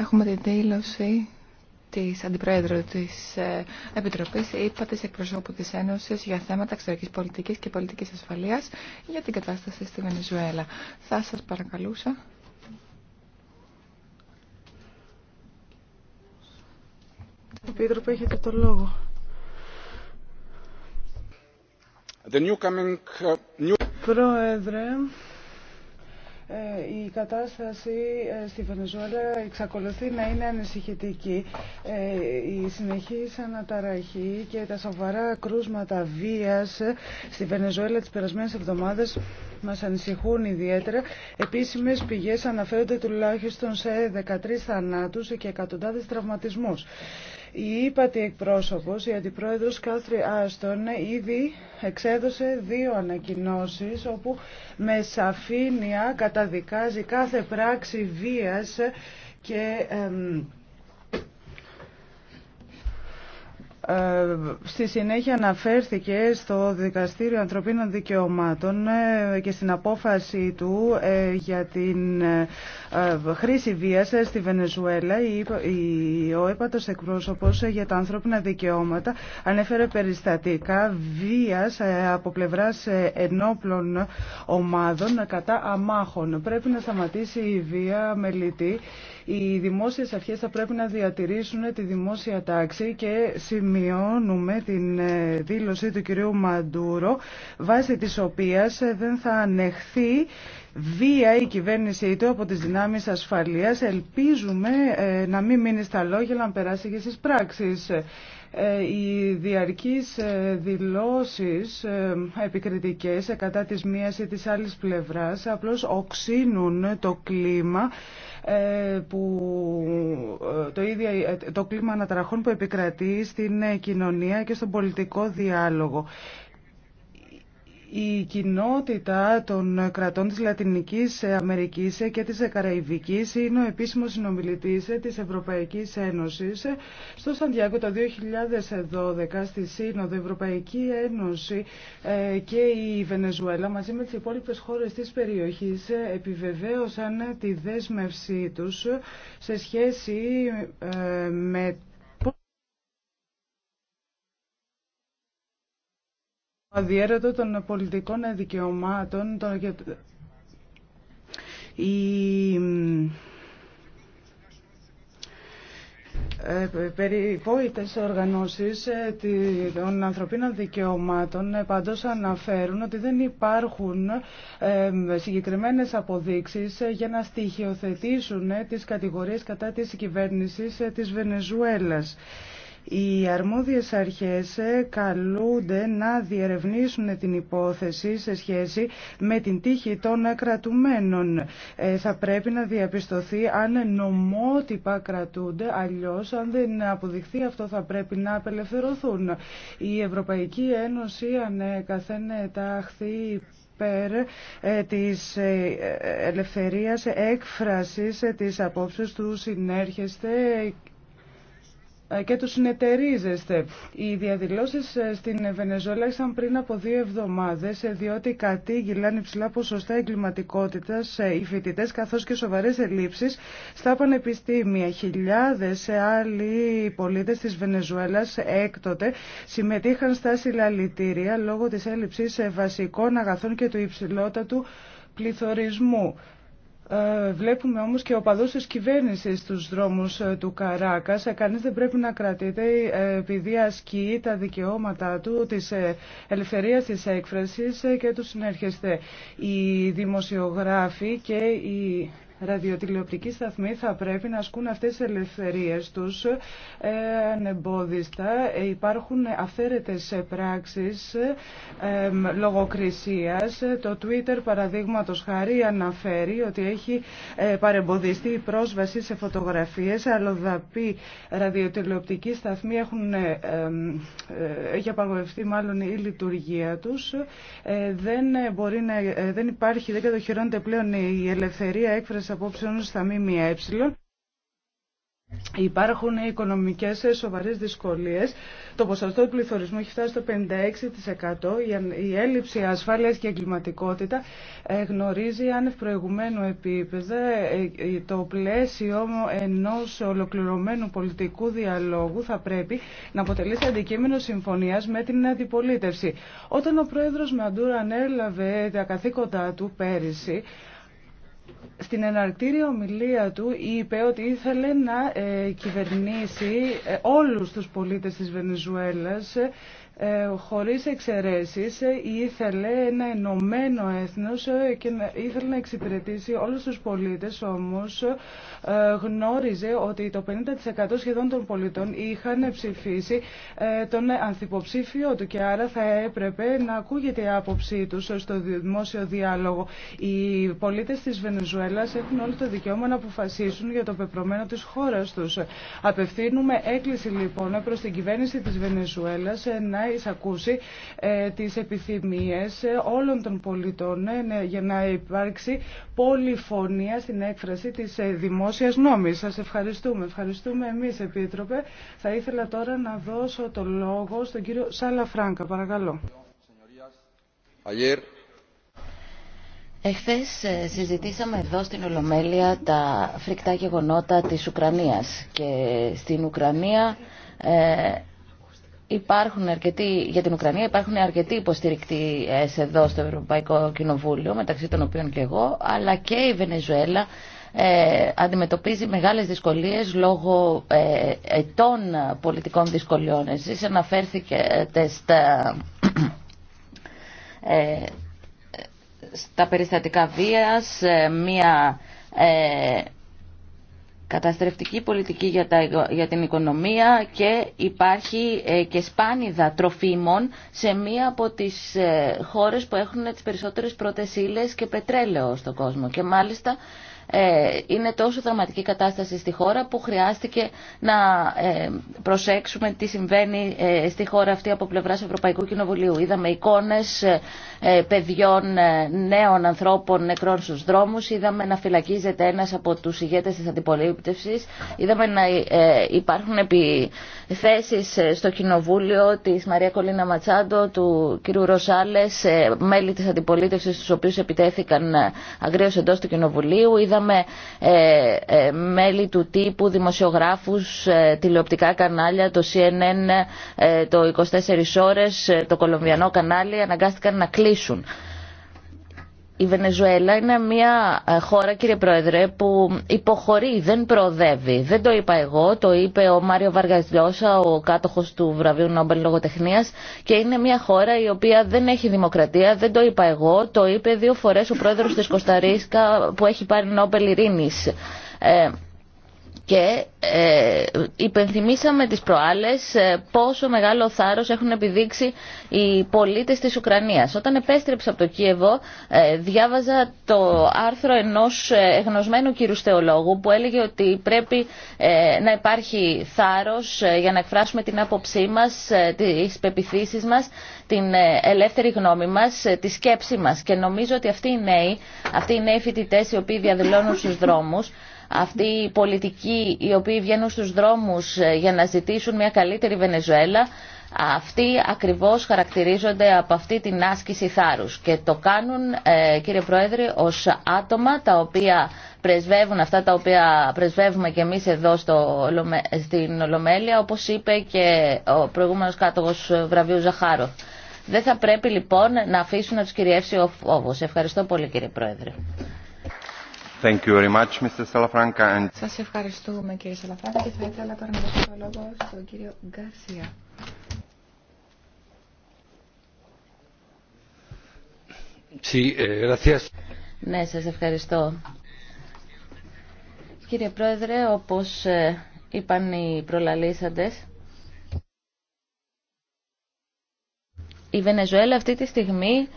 Έχουμε την δήλωση της Αντιπρόεδρου της ε, Επιτροπής, είπα της εκπροσώπου της Ένωσης για θέματα εξωτερικής πολιτικής και πολιτικής ασφαλείας για την κατάσταση στη Βενεζουέλα. Θα σας παρακαλούσα. έχετε το λόγο. Uh, Πρόεδρε, ε, η κατάσταση ε, στη Βενεζουέλα εξακολουθεί να είναι ανησυχητική. Ε, η συνεχής αναταραχή και τα σοβαρά κρούσματα βίας στη Βενεζουέλα τις περασμένες εβδομάδες μας ανησυχούν ιδιαίτερα. Επίσημες πηγές αναφέρονται τουλάχιστον σε 13 θανάτους και εκατοντάδες τραυματισμούς. Η ύπατη εκπρόσωπος, η αντιπρόεδρος Κάθρι Άστον, ήδη εξέδωσε δύο ανακοινώσεις όπου με σαφήνεια καταδικάζει κάθε πράξη βίας και Ε, στη συνέχεια αναφέρθηκε στο Δικαστήριο Ανθρωπίνων Δικαιωμάτων ε, και στην απόφαση του ε, για την χρήση βίας στη Βενεζουέλα. Ο έπατος εκπρόσωπος για τα ανθρώπινα δικαιώματα ανέφερε περιστατικά βίας από πλευράς ενόπλων ομάδων κατά αμάχων. Πρέπει να σταματήσει η βία μελητή. Οι δημόσιες αρχές θα πρέπει να διατηρήσουν τη δημόσια τάξη και σημειώνουμε την ε, δήλωση του κυρίου Μαντούρο βάσει της οποίας ε, δεν θα ανεχθεί βία η κυβέρνησή του από τις δυνάμεις ασφαλείας. Ελπίζουμε ε, να μην μείνει στα λόγια αλλά να περάσει και στις πράξεις. Ε, οι διαρκείς ε, δηλώσεις ε, επικριτικές κατά της μίας ή της άλλης πλευράς απλώς οξύνουν το κλίμα που το, ίδιο, το κλίμα αναταραχών που επικρατεί στην κοινωνία και στον πολιτικό διάλογο η κοινότητα των κρατών της Λατινικής Αμερικής και της Καραϊβικής είναι ο επίσημος συνομιλητής της Ευρωπαϊκής Ένωσης. Στο Σαντιάκο το 2012 στη Σύνοδο Ευρωπαϊκή Ένωση ε, και η Βενεζουέλα μαζί με τις υπόλοιπες χώρες της περιοχής επιβεβαίωσαν τη δέσμευσή τους σε σχέση ε, με αδιέρετο των πολιτικών δικαιωμάτων το... η ε, περιπόητες οργανώσεις ε, των ανθρωπίνων δικαιωμάτων ε, παντός αναφέρουν ότι δεν υπάρχουν συγκεκριμένες αποδείξεις για να στοιχειοθετήσουν τις κατηγορίες κατά της κυβέρνησης της Βενεζουέλας. Οι αρμόδιες αρχές ε, καλούνται να διερευνήσουν την υπόθεση σε σχέση με την τύχη των κρατουμένων. Ε, θα πρέπει να διαπιστωθεί αν νομότυπα κρατούνται, αλλιώς αν δεν αποδειχθεί αυτό θα πρέπει να απελευθερωθούν. Η Ευρωπαϊκή Ένωση ανέκαθεν τάχθη υπέρ ε, της ελευθερίας έκφρασης της απόψεως του συνέρχεστε και τους συνεταιρίζεστε. Οι διαδηλώσεις ε, στην Βενεζουέλα ήσαν πριν από δύο εβδομάδες ε, διότι κατήγηλαν υψηλά ποσοστά εγκληματικότητα, ε, οι φοιτητέ καθώς και σοβαρές ελλείψεις στα πανεπιστήμια. Χιλιάδες άλλοι πολίτες της Βενεζουέλας έκτοτε συμμετείχαν στα συλλαλητήρια λόγω της έλλειψης βασικών αγαθών και του υψηλότατου πληθωρισμού. Ε, βλέπουμε όμως και οπαδούς της κυβέρνησης στους δρόμους ε, του Καράκας. Ε, κανείς δεν πρέπει να κρατείται επειδή ασκεί τα δικαιώματα του, της ελευθερίας της έκφρασης και του συνέρχεστε. Οι δημοσιογράφοι και οι ραδιοτηλεοπτικοί σταθμοί θα πρέπει να ασκούν αυτές τις ελευθερίες τους ε, ανεμπόδιστα. Ε, υπάρχουν αυθαίρετες πράξεις ε, λογοκρισίας. Το Twitter παραδείγματος χάρη αναφέρει ότι έχει παρεμποδιστεί η πρόσβαση σε φωτογραφίες. Αλλοδαπή ραδιοτηλεοπτικοί σταθμοί έχουν, έχει απαγορευτεί μάλλον η λειτουργία τους. Δεν, μπορεί να, δεν υπάρχει, δεν κατοχυρώνεται πλέον η ελευθερία έκφραση απόψεων στα ΜΜΕ. Υπάρχουν οικονομικές σοβαρές δυσκολίες. Το ποσοστό του πληθωρισμού έχει φτάσει στο 56%. Η έλλειψη ασφάλειας και εγκληματικότητα ε, γνωρίζει άνευ προηγουμένου επίπεδα ε, ε, το πλαίσιο ενός ολοκληρωμένου πολιτικού διαλόγου θα πρέπει να σε αντικείμενο συμφωνίας με την αντιπολίτευση. Όταν ο πρόεδρος Μαντούρα ανέλαβε τα καθήκοντά του πέρυσι, στην εναρκτήρια ομιλία του είπε ότι ήθελε να ε, κυβερνήσει ε, όλους τους πολίτες της Βενεζουέλας ε, ε, χωρίς εξαιρέσεις ε, ήθελε ένα ενωμένο έθνος ε, και ήθελε να εξυπηρετήσει όλους τους πολίτες όμως γνώριζε ότι το 50% σχεδόν των πολιτών είχαν ψηφίσει τον ανθυποψήφιο του και άρα θα έπρεπε να ακούγεται η άποψή τους στο δημόσιο διάλογο. Οι πολίτες της Βενεζουέλας έχουν όλο το δικαίωμα να αποφασίσουν για το πεπρωμένο της χώρας τους. Απευθύνουμε έκκληση λοιπόν προς την κυβέρνηση της Βενεζουέλας να να εισακούσει ε, τις επιθυμίες ε, όλων των πολιτών ε, ναι, για να υπάρξει πολυφωνία στην έκφραση της δημόσιας νόμης. Σας ευχαριστούμε. Ευχαριστούμε εμείς, Επίτροπε. Θα ήθελα τώρα να δώσω το λόγο στον κύριο Σάλα Φράγκα. Παρακαλώ. Εχθές συζητήσαμε εδώ στην Ολομέλεια τα φρικτά γεγονότα της Ουκρανίας και στην Ουκρανία υπάρχουν αρκετοί, για την Ουκρανία υπάρχουν αρκετοί υποστηρικτές ε, εδώ στο Ευρωπαϊκό Κοινοβούλιο, μεταξύ των οποίων και εγώ, αλλά και η Βενεζουέλα ε, αντιμετωπίζει μεγάλες δυσκολίες λόγω ε, ετών πολιτικών δυσκολιών. Εσείς αναφέρθηκετε στα, ε, στα περιστατικά βίας, ε, μία... Ε, καταστρεφτική πολιτική για, τα, την οικονομία και υπάρχει ε, και σπάνιδα τροφίμων σε μία από τις ε, χώρες που έχουν τις περισσότερες πρώτες και πετρέλαιο στον κόσμο. Και μάλιστα ε, είναι τόσο δραματική κατάσταση στη χώρα που χρειάστηκε να ε, προσέξουμε τι συμβαίνει ε, στη χώρα αυτή από πλευρά Ευρωπαϊκού Κοινοβουλίου. Είδαμε εικόνε παιδιών, νέων ανθρώπων νεκρών στου δρόμου, είδαμε να φυλακίζεται ένα από του ηγέτε τη αντιπολίτευση, είδαμε να υπάρχουν επιθέσει στο Κοινοβούλιο τη Μαρία Κολίνα Ματσάντο, του κ. Ροσάλε, μέλη τη αντιπολίτευση, του οποίου επιτέθηκαν αγρίω εντό του Κοινοβουλίου, με ε, μέλη του τύπου, δημοσιογράφους, ε, τηλεοπτικά κανάλια, το CNN ε, το 24 ώρες, το κολομβιανό κανάλι αναγκάστηκαν να κλείσουν η Βενεζουέλα είναι μια ε, χώρα, κύριε Πρόεδρε, που υποχωρεί, δεν προοδεύει. Δεν το είπα εγώ, το είπε ο Μάριο Βαργαζιώσα, ο κάτοχος του βραβείου Νόμπελ Λογοτεχνίας και είναι μια χώρα η οποία δεν έχει δημοκρατία, δεν το είπα εγώ, το είπε δύο φορές ο πρόεδρος της Κωνσταντίνα που έχει πάρει Νόμπελ Ειρήνης. Ε, και ε, υπενθυμίσαμε τις προάλλες ε, πόσο μεγάλο θάρρος έχουν επιδείξει οι πολίτες της Ουκρανίας. Όταν επέστρεψα από το Κίεβο ε, διάβαζα το άρθρο ενός εγνωσμένου κύρου που έλεγε ότι πρέπει να υπάρχει θάρρος για να εκφράσουμε την άποψή μας, τις πεπιθήσεις μας, την ελεύθερη γνώμη μας, τη σκέψη μας. Και νομίζω ότι αυτοί οι νέοι, αυτοί οι νέοι οι οποίοι διαδηλώνουν στους δρόμους αυτοί οι πολιτικοί οι οποίοι βγαίνουν στους δρόμους ε, για να ζητήσουν μια καλύτερη Βενεζουέλα, αυτοί ακριβώς χαρακτηρίζονται από αυτή την άσκηση θάρρους και το κάνουν ε, κύριε Πρόεδρε ως άτομα τα οποία πρεσβεύουν αυτά τα οποία πρεσβεύουμε και εμείς εδώ στην Ολομέλεια όπως είπε και ο προηγούμενος κάτογος ε, βραβείου Ζαχάρο. Δεν θα πρέπει λοιπόν να αφήσουν να τους κυριεύσει ο φόβος. Ευχαριστώ πολύ κύριε Πρόεδρε. Σας ευχαριστούμε κύριε Σαλαφράγκα και θα ήθελα τώρα να δώσω το λόγο στον κύριο Γκαρσία. Eh, ναι, σας ευχαριστώ. Κύριε Πρόεδρε, όπως ε, είπαν οι προλαλήσαντες, η Βενεζουέλα αυτή τη στιγμή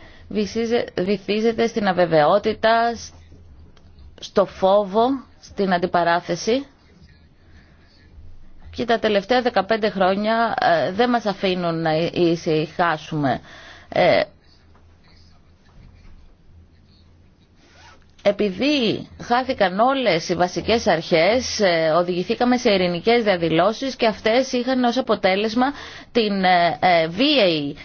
βυθίζεται στην αβεβαιότητα, στο φόβο, στην αντιπαράθεση και τα τελευταία 15 χρόνια ε, δεν μας αφήνουν να ε, ησυχάσουμε. Ε, επειδή χάθηκαν όλες οι βασικές αρχές, οδηγηθήκαμε σε ειρηνικές διαδηλώσεις και αυτές είχαν ως αποτέλεσμα την βίαιη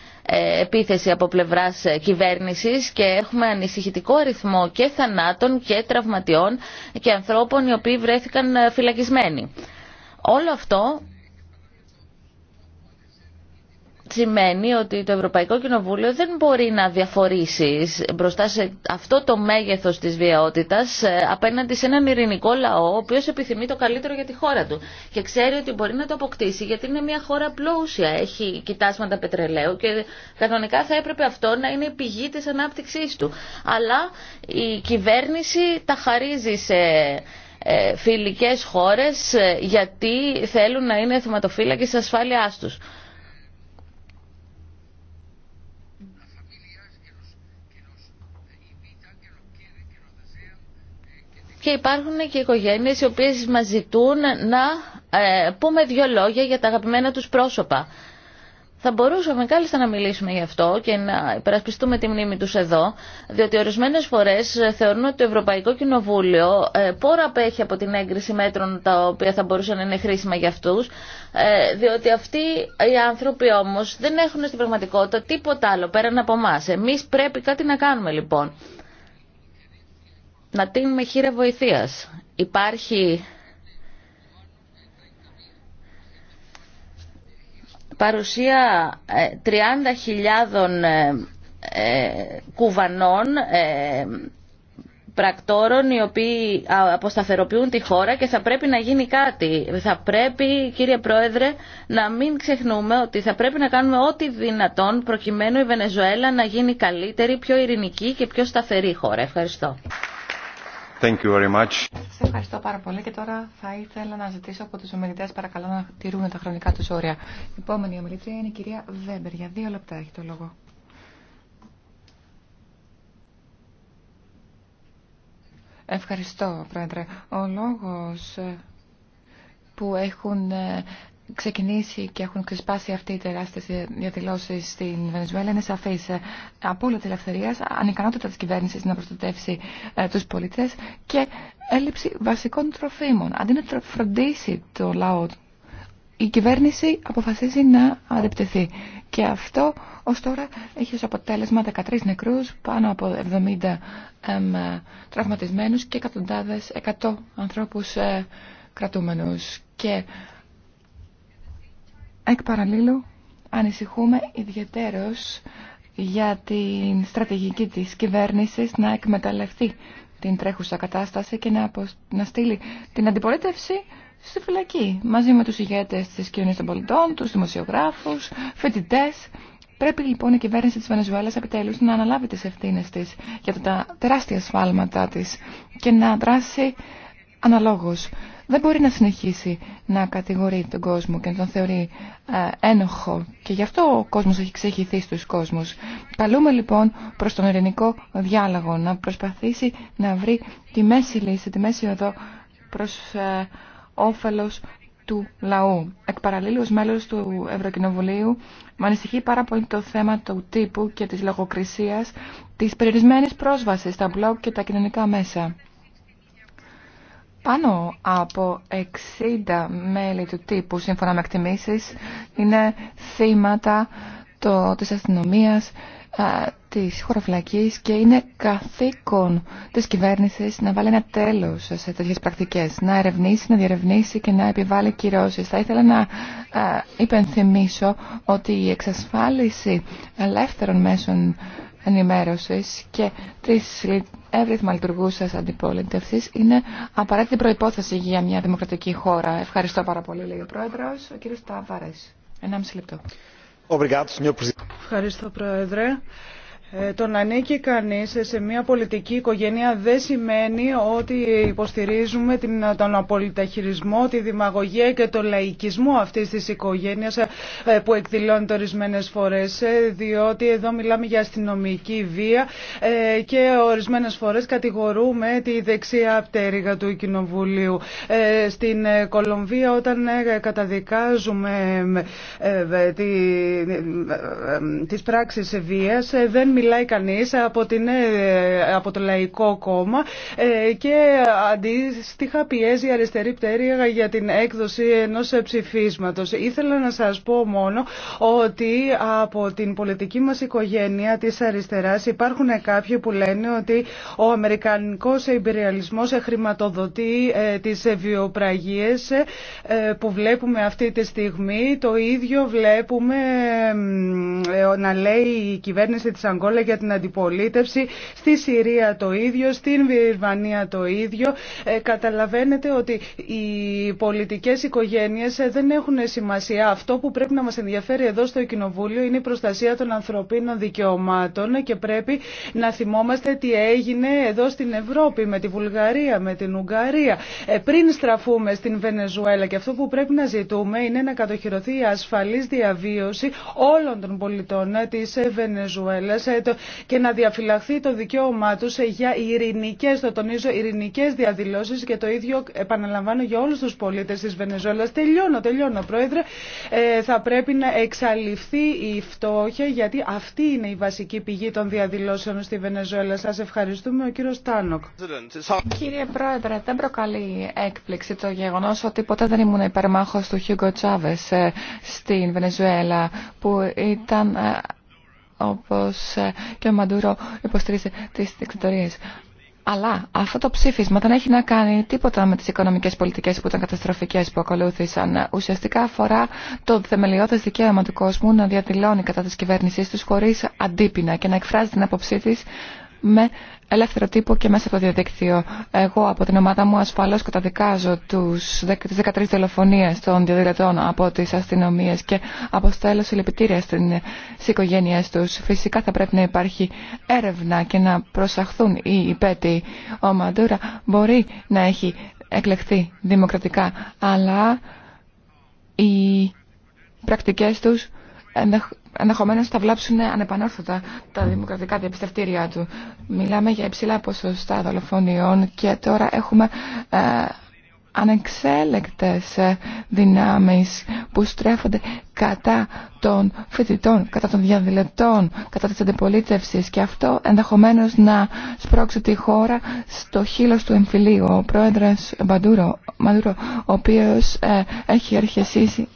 επίθεση από πλευράς κυβέρνησης και έχουμε ανησυχητικό αριθμό και θανάτων και τραυματιών και ανθρώπων οι οποίοι βρέθηκαν φυλακισμένοι. Όλο αυτό σημαίνει ότι το Ευρωπαϊκό Κοινοβούλιο δεν μπορεί να διαφορήσει μπροστά σε αυτό το μέγεθος της βιαιότητας ε, απέναντι σε έναν ειρηνικό λαό ο οποίος επιθυμεί το καλύτερο για τη χώρα του και ξέρει ότι μπορεί να το αποκτήσει γιατί είναι μια χώρα πλούσια, έχει κοιτάσματα πετρελαίου και κανονικά θα έπρεπε αυτό να είναι η πηγή της ανάπτυξής του. Αλλά η κυβέρνηση τα χαρίζει σε ε, φιλικές χώρες ε, γιατί θέλουν να είναι θεματοφύλακες ασφάλειάς τους. και υπάρχουν και οικογένειες οι οποίες μας ζητούν να ε, πούμε δύο λόγια για τα αγαπημένα τους πρόσωπα. Θα μπορούσαμε κάλλιστα να μιλήσουμε γι' αυτό και να υπερασπιστούμε τη μνήμη τους εδώ, διότι ορισμένες φορές ε, θεωρούν ότι το Ευρωπαϊκό Κοινοβούλιο ε, πόρα απέχει από την έγκριση μέτρων τα οποία θα μπορούσαν να είναι χρήσιμα για αυτούς, ε, διότι αυτοί οι άνθρωποι όμως δεν έχουν στην πραγματικότητα τίποτα άλλο πέραν από εμά. Εμείς πρέπει κάτι να κάνουμε λοιπόν να τίνουμε χείρα βοηθείας. Υπάρχει παρουσία 30.000 ε, ε, ε, κουβανών πρακτόρων οι οποίοι αποσταθεροποιούν τη χώρα και θα πρέπει να γίνει κάτι. Θα πρέπει, κύριε Πρόεδρε, να μην ξεχνούμε ότι θα πρέπει να κάνουμε ό,τι δυνατόν προκειμένου η Βενεζουέλα να γίνει καλύτερη, πιο ειρηνική και πιο σταθερή χώρα. Ευχαριστώ. Thank you very much. ευχαριστώ πάρα πολύ και τώρα θα ήθελα να ζητήσω από τους ομιλητές παρακαλώ να τηρούν τα χρονικά τους όρια. Η επόμενη ομιλητρία είναι η κυρία Βέμπερ. Για δύο λεπτά έχει το λόγο. Ευχαριστώ, Πρόεδρε. Ο λόγος που έχουν ε, ξεκινήσει και έχουν ξεσπάσει αυτοί οι τεράστιε διαδηλώσει στην Βενεζουέλα είναι σαφή. Ε, απόλυτη ελευθερία, ανικανότητα τη κυβέρνηση να προστατεύσει ε, του πολίτε και έλλειψη βασικών τροφίμων. Αντί να φροντίσει το λαό η κυβέρνηση αποφασίζει να αντεπτεθεί. Και αυτό ω τώρα έχει ω αποτέλεσμα 13 νεκρού, πάνω από 70 τραυματισμένου και εκατοντάδε 100 ανθρώπου ε, Και Εκ παραλίλου, ανησυχούμε ιδιαίτερως για την στρατηγική της κυβέρνησης να εκμεταλλευτεί την τρέχουσα κατάσταση και να, να στείλει την αντιπολίτευση στη φυλακή μαζί με τους ηγέτες της κοινωνίας των πολιτών, τους δημοσιογράφους, φοιτητές. Πρέπει λοιπόν η κυβέρνηση της Βενεζουέλας επιτέλους να αναλάβει τις ευθύνες της για τα τεράστια σφάλματά της και να δράσει αναλόγως δεν μπορεί να συνεχίσει να κατηγορεί τον κόσμο και να τον θεωρεί ε, ένοχο. Και γι' αυτό ο κόσμος έχει ξεχυθεί στους κόσμους. Καλούμε λοιπόν προς τον ειρηνικό διάλογο να προσπαθήσει να βρει τη μέση λύση, τη μέση οδό προς ε, όφελος του λαού. Εκ παραλλήλου μέλος του Ευρωκοινοβουλίου με ανησυχεί πάρα πολύ το θέμα του τύπου και της λογοκρισίας της περιορισμένης πρόσβασης στα μπλοκ και τα κοινωνικά μέσα. Πάνω από 60 μέλη του τύπου, σύμφωνα με εκτιμήσεις, είναι θύματα το, της αστυνομίας, της χωροφυλακής και είναι καθήκον της κυβέρνησης να βάλει ένα τέλος σε τέτοιες πρακτικές, να ερευνήσει, να διερευνήσει και να επιβάλλει κυρώσεις. Θα ήθελα να υπενθυμίσω ότι η εξασφάλιση ελεύθερων μέσων ενημέρωσης και της εύρυθμα λειτουργούσας αντιπολίτευσης είναι απαραίτητη προϋπόθεση για μια δημοκρατική χώρα. Ευχαριστώ πάρα πολύ, λέει ο Πρόεδρος, ο κύριος Ταβάρες. Ένα μισή λεπτό. Ευχαριστώ, Πρόεδρε το να ανήκει κανείς σε μια πολιτική οικογένεια δεν σημαίνει ότι υποστηρίζουμε την, τον απολυταχειρισμό, τη δημαγωγία και τον λαϊκισμό αυτής της οικογένειας που εκδηλώνεται ορισμένε φορές, διότι εδώ μιλάμε για αστυνομική βία και ορισμένες φορές κατηγορούμε τη δεξιά πτέρυγα του Κοινοβουλίου. Στην Κολομβία όταν καταδικάζουμε τις πράξεις βίας δεν μιλάει κανείς από, την, ε, από το Λαϊκό Κόμμα ε, και αντίστοιχα πιέζει η αριστερή πτέρυγα για την έκδοση ενός ψηφίσματος. Ήθελα να σας πω μόνο ότι από την πολιτική μας οικογένεια της αριστεράς υπάρχουν κάποιοι που λένε ότι ο Αμερικανικός εμπειριαλισμός χρηματοδοτεί ε, τις βιοπραγίες που βλέπουμε αυτή τη στιγμή. Το ίδιο βλέπουμε να λέει η κυβέρνηση της για την αντιπολίτευση, στη Συρία το ίδιο, στην Βιρβανία το ίδιο. Ε, καταλαβαίνετε ότι οι πολιτικές οικογένειες ε, δεν έχουν σημασία. Αυτό που πρέπει να μας ενδιαφέρει εδώ στο Κοινοβούλιο είναι η προστασία των ανθρωπίνων δικαιωμάτων και πρέπει να θυμόμαστε τι έγινε εδώ στην Ευρώπη, με τη Βουλγαρία, με την Ουγγαρία. Ε, πριν στραφούμε στην Βενεζουέλα και αυτό που πρέπει να ζητούμε είναι να κατοχυρωθεί η ασφαλής διαβίωση όλων των πολιτών της Βενεζουέλας και να διαφυλαχθεί το δικαίωμά του για ειρηνικέ, το τονίζω, ειρηνικέ διαδηλώσει, και το ίδιο επαναλαμβάνω για όλου του πολίτε τη Βενεζόλας. Τελειώνω, τελειώνω, Πρόεδρε. Ε, θα πρέπει να εξαλειφθεί η φτώχεια γιατί αυτή είναι η βασική πηγή των διαδηλώσεων στη Βενεζόλα. Σα ευχαριστούμε, ο κύριο Τάνοκ. Κύριε Πρόεδρε, δεν προκαλεί έκπληξη το γεγονό ότι ποτέ δεν ήμουν υπερμάχο του Χιούγκο Τσάβε ε, στην Βενεζουέλα που ήταν ε, όπως ε, και ο Μαντούρο υποστηρίζει τις δικτατορίες. Αλλά αυτό το ψήφισμα δεν έχει να κάνει τίποτα με τις οικονομικές πολιτικές που ήταν καταστροφικές που ακολούθησαν. Ουσιαστικά αφορά το θεμελιώδες δικαίωμα του κόσμου να διαδηλώνει κατά της κυβέρνησής τους χωρίς αντίπεινα και να εκφράζει την άποψή της με ελεύθερο τύπο και μέσα από το διαδίκτυο. Εγώ από την ομάδα μου ασφαλώς καταδικάζω τους, τις 13 τηλεφωνίες των διαδηλωτών από τις αστυνομίες και αποστέλω συλληπιτήρια στις οικογένειές τους. Φυσικά θα πρέπει να υπάρχει έρευνα και να προσαχθούν οι υπέτειοι. Ο Μαντούρα μπορεί να έχει εκλεχθεί δημοκρατικά, αλλά οι πρακτικές τους ενδεχομένω θα βλάψουν ανεπανόρθωτα τα δημοκρατικά διαπιστευτήριά του. Μιλάμε για υψηλά ποσοστά δολοφονιών και τώρα έχουμε ε, ανεξέλεκτες ε, δυνάμεις που στρέφονται κατά των φοιτητών, κατά των διαδηλετών, κατά της αντιπολίτευσης και αυτό ενδεχομένως να σπρώξει τη χώρα στο χείλος του εμφυλίου. Ο πρόεδρος Μαντούρο, ο οποίος ε, έχει αρχισήσει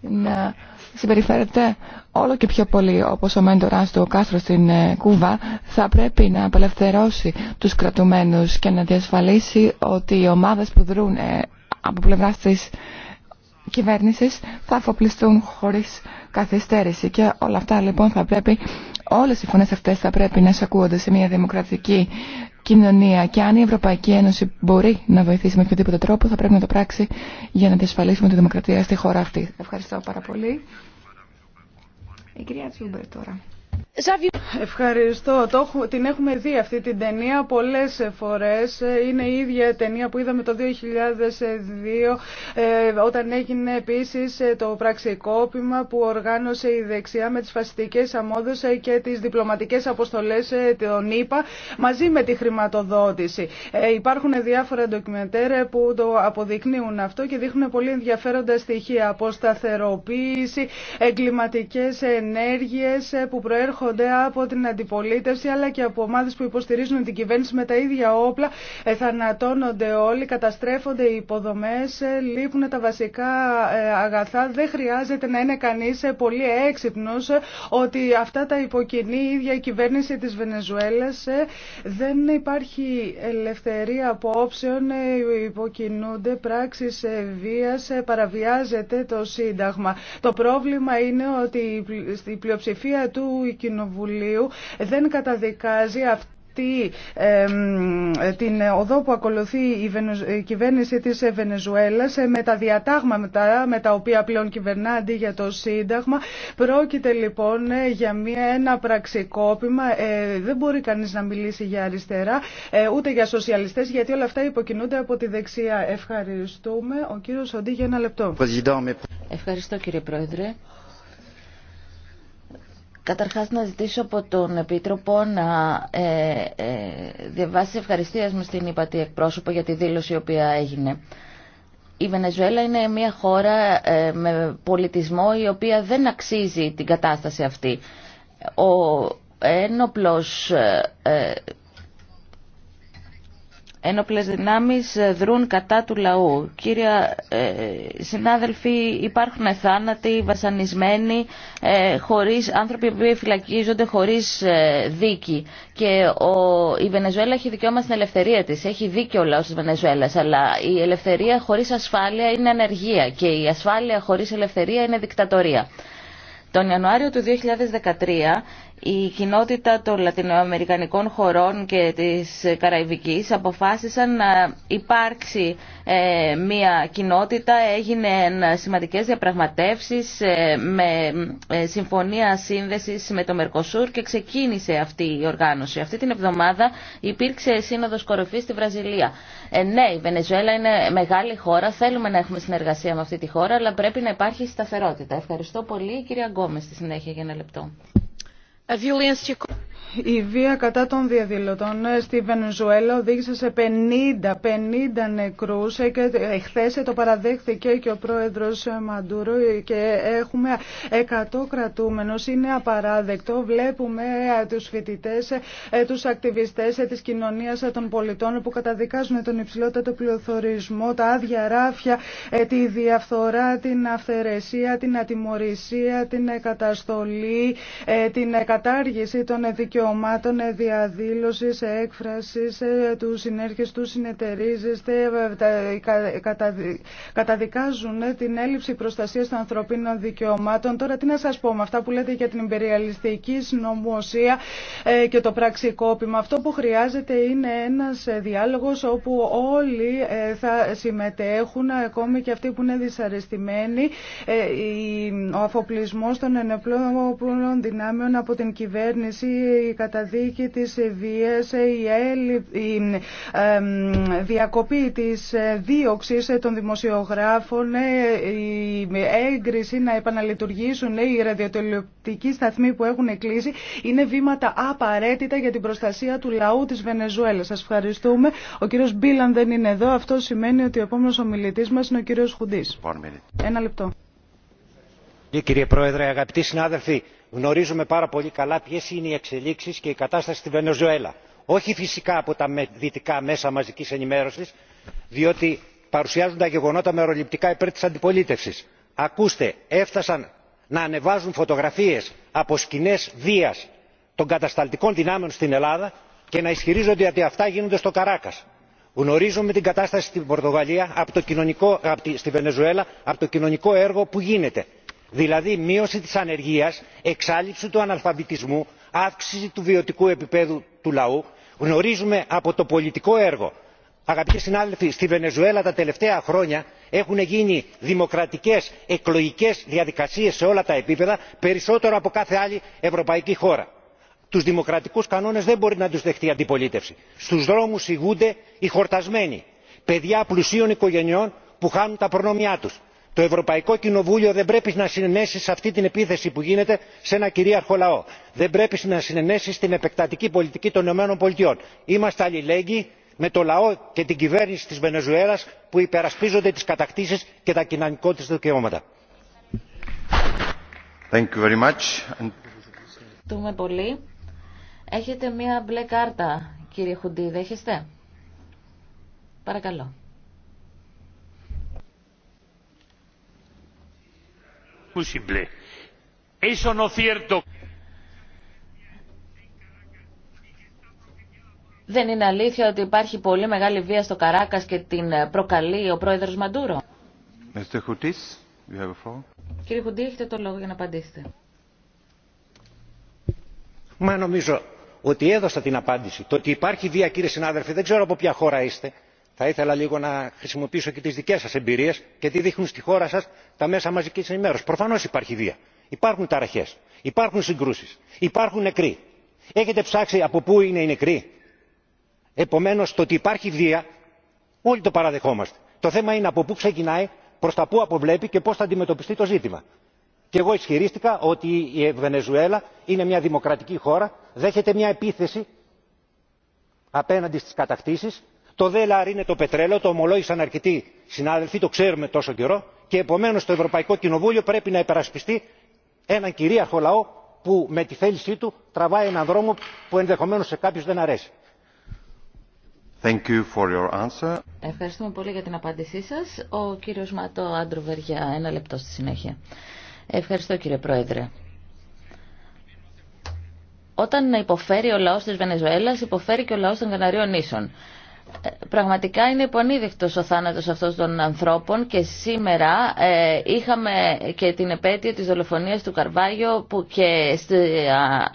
να συμπεριφέρεται όλο και πιο πολύ όπως ο μέντορας του ο Κάστρο στην ε, Κούβα θα πρέπει να απελευθερώσει τους κρατουμένους και να διασφαλίσει ότι οι ομάδες που δρούν ε, από πλευρά της κυβέρνησης θα αφοπλιστούν χωρίς καθυστέρηση και όλα αυτά λοιπόν θα πρέπει Όλες οι φωνές αυτές θα πρέπει να εισακούονται σε μια δημοκρατική κοινωνία και αν η Ευρωπαϊκή Ένωση μπορεί να βοηθήσει με οποιοδήποτε τρόπο θα πρέπει να το πράξει για να διασφαλίσουμε τη δημοκρατία στη χώρα αυτή. Ευχαριστώ πάρα πολύ. Η κυρία Ευχαριστώ. Το, την έχουμε δει αυτή την ταινία πολλές φορές. Είναι η ίδια ταινία που είδαμε το 2002 ε, όταν έγινε επίσης ε, το πραξικόπημα που οργάνωσε η δεξιά με τις φασιστικές αμόδους ε, και τις διπλωματικές αποστολές των ΗΠΑ μαζί με τη χρηματοδότηση. Υπάρχουν διάφορα ντοκιμεντέρ που το αποδεικνύουν αυτό και δείχνουν πολύ ενδιαφέροντα στοιχεία από σταθεροποίηση, εγκληματικές ενέργειες που προέρχονται έρχονται από την αντιπολίτευση αλλά και από ομάδε που υποστηρίζουν την κυβέρνηση με τα ίδια όπλα. Ε, θανατώνονται όλοι, καταστρέφονται οι υποδομέ, ε, λείπουν τα βασικά ε, αγαθά. Δεν χρειάζεται να είναι κανεί πολύ έξυπνο ότι αυτά τα υποκινεί η ίδια η κυβέρνηση τη Βενεζουέλα. Δεν υπάρχει ελευθερία απόψεων, υποκινούνται πράξει βία, παραβιάζεται το Σύνταγμα. Το πρόβλημα είναι ότι η πλειοψηφία του Κοινοβουλίου δεν καταδικάζει αυτή την οδό που ακολουθεί η κυβέρνηση της Βενεζουέλας ε, με τα διατάγματα με τα οποία πλέον κυβερνά αντί για το Σύνταγμα. Πρόκειται λοιπόν ε, για μια, ένα πραξικόπημα. Ε, δεν μπορεί κανείς να μιλήσει για αριστερά ούτε για σοσιαλιστές γιατί όλα αυτά υποκινούνται από τη δεξιά. Ευχαριστούμε. Ο κύριος Σοντή για ένα λεπτό. Ευχαριστώ κύριε Πρόεδρε. Καταρχάς να ζητήσω από τον Επίτροπο να ε, ε, διαβάσει ευχαριστίας μου στην υπατή εκπρόσωπο για τη δήλωση η οποία έγινε. Η Βενεζουέλα είναι μια χώρα ε, με πολιτισμό η οποία δεν αξίζει την κατάσταση αυτή. Ο ένοπλος ε, ε, Ένοπλες δυνάμεις ε, δρούν κατά του λαού. Κύρια ε, συνάδελφοι, υπάρχουν θάνατοι, βασανισμένοι, ε, χωρίς, άνθρωποι που φυλακίζονται χωρίς δίκη. Και ο, η Βενεζουέλα έχει δικαίωμα στην ελευθερία της. Έχει δίκαιο ο λαός της Βενεζουέλας, αλλά η ελευθερία χωρίς ασφάλεια είναι ανεργία και η ασφάλεια χωρίς ελευθερία είναι δικτατορία. Τον Ιανουάριο του 2013 η κοινότητα των Λατινοαμερικανικών χωρών και της Καραϊβικής αποφάσισαν να υπάρξει ε, μια κοινότητα. Έγινε σημαντικές διαπραγματεύσεις ε, με ε, συμφωνία σύνδεσης με το Μερκοσούρ και ξεκίνησε αυτή η οργάνωση. Αυτή την εβδομάδα υπήρξε σύνοδος κορυφής στη Βραζιλία. Ε, ναι, η Βενεζουέλα είναι μεγάλη χώρα, θέλουμε να έχουμε συνεργασία με αυτή τη χώρα, αλλά πρέπει να υπάρχει σταθερότητα. Ευχαριστώ πολύ. κυρία Γκόμες στη συνέχεια για ένα λεπτό a violência η βία κατά των διαδηλωτών ε, στη Βενεζουέλα οδήγησε σε 50, 50 νεκρούς ε, και ε, χθες το παραδέχθηκε και ο πρόεδρος Μαντούρο και έχουμε 100 κρατούμενους. Είναι απαράδεκτο. Βλέπουμε τους φοιτητές, τους ακτιβιστές της κοινωνίας των πολιτών που καταδικάζουν τον υψηλότατο πληθωρισμό, τα άδεια ράφια, τη διαφθορά, την αυθαιρεσία, την ατιμορρησία, την καταστολή, την κατάργηση των δικαιωμάτων δικαιωμάτων διαδήλωσης, έκφρασης, ε, του συνέρχες του συνεταιρίζεστε, ε, καταδικάζουν ε, την έλλειψη προστασίας των ανθρωπίνων δικαιωμάτων. Τώρα τι να σας πω με αυτά που λέτε για την υπεριαλιστική συνωμοσία και το πραξικόπημα. Αυτό που χρειάζεται είναι ένας διάλογος όπου όλοι θα συμμετέχουν, ακόμη και αυτοί που είναι δυσαρεστημένοι. Ο αφοπλισμός των ενεπλών δυνάμεων από την κυβέρνηση η καταδίκη της βίας, η διακοπή της δίωξης των δημοσιογράφων, ε, η έγκριση να επαναλειτουργήσουν ε, οι ραδιοτελεοπτικοί σταθμοί που έχουν κλείσει είναι βήματα απαραίτητα για την προστασία του λαού της Βενεζουέλας. Σας ευχαριστούμε. Ο κύριος Μπίλαν δεν είναι εδώ. Αυτό σημαίνει ότι ο επόμενος ομιλητής μας είναι ο κύριος Χουντής. Ένα λεπτό. Κύριε Πρόεδρε, αγαπητοί συνάδελφοι, γνωρίζουμε πάρα πολύ καλά ποιε είναι οι εξελίξει και η κατάσταση στη βενεζουέλα όχι φυσικά από τα δυτικά μέσα μαζική ενημέρωση διότι παρουσιάζουν τα γεγονότα μεροληπτικά υπέρ τη αντιπολίτευση. ακούστε έφτασαν να ανεβάζουν φωτογραφίε από σκηνέ βία των κατασταλτικών δυνάμεων στην ελλάδα και να ισχυρίζονται ότι αυτά γίνονται στο καράκα. γνωρίζουμε την κατάσταση στην πορτογαλία στη βενεζουέλα από το κοινωνικό έργο που γίνεται δηλαδή μείωση της ανεργίας εξάλληψη του αναλφαβητισμού αύξηση του βιωτικού επίπεδου του λαού γνωρίζουμε από το πολιτικό έργο αγαπητοί συνάδελφοι στη βενεζουέλα τα τελευταία χρόνια έχουν γίνει δημοκρατικές εκλογικές διαδικασίες σε όλα τα επίπεδα περισσότερο από κάθε άλλη ευρωπαϊκή χώρα. τους δημοκρατικούς κανόνες δεν μπορεί να τους δεχτεί η αντιπολίτευση. στους δρόμους ηγούνται οι χορτασμένοι παιδιά πλουσίων οικογενειών που χάνουν τα προνόμια τους το ευρωπαϊκό κοινοβούλιο δεν πρέπει να συνενέσει σε αυτή την επίθεση που γίνεται σε ένα κυρίαρχο λαό δεν πρέπει να συνενέσει στην επεκτατική πολιτική των ηπα. είμαστε αλληλέγγυοι με το λαό και την κυβέρνηση της Βενεζουέλα που υπερασπίζονται τις κατακτήσεις και τα κοινωνικά τη δικαιώματα. Ευχαριστούμε Έχετε μία μπλε κάρτα, κύριε Παρακαλώ. Δεν είναι αλήθεια ότι υπάρχει πολύ μεγάλη βία στο Καράκας και την ε, προκαλεί ο πρόεδρος Μαντούρο. Κύριε Χουντή, έχετε το λόγο για να απαντήσετε. Μα νομίζω ότι έδωσα την απάντηση. Το ότι υπάρχει βία, κύριε συνάδελφε, δεν ξέρω από ποια χώρα είστε θα ήθελα λίγο να χρησιμοποιήσω και τι δικέ σα εμπειρίε και τι δείχνουν στη χώρα σα τα μέσα μαζική ενημέρωσης. Προφανώ υπάρχει βία υπάρχουν ταραχέ υπάρχουν συγκρούσει, υπάρχουν νεκροί. έχετε ψάξει από πού είναι οι νεκροί; επομένω το ότι υπάρχει βία όλοι το παραδεχόμαστε. το θέμα είναι από πού ξεκινάει προ τα πού αποβλέπει και πώ θα αντιμετωπιστεί το ζήτημα. και εγώ ισχυρίστηκα ότι η βενεζουέλα είναι μια δημοκρατική χώρα δέχεται μια επίθεση απέναντι στι κατακτήσει το ΔΕΛΑΡ είναι το πετρέλαιο το ομολόγησαν αρκετοί συνάδελφοι το ξέρουμε τόσο καιρό και επομένως το ευρωπαϊκό κοινοβούλιο πρέπει να υπερασπιστεί έναν κυρίαρχο λαό που με τη θέλησή του τραβάει έναν δρόμο που ενδεχομένως σε κάποιους δεν αρέσει. Thank you for your answer. Ευχαριστούμε πολύ για την απάντησή σας. Ο κύριος Ματώ Άντρουβερ για ένα λεπτό στη συνέχεια. Ευχαριστώ κύριε Πρόεδρε. Όταν υποφέρει ο λαός της Βενεζουέλας, υποφέρει και ο λαό των Καναρίων νήσων. Ε, πραγματικά είναι υπονείδευτος ο θάνατος αυτός των ανθρώπων και σήμερα ε, είχαμε και την επέτειο της δολοφονίας του Καρβάγιο που και στη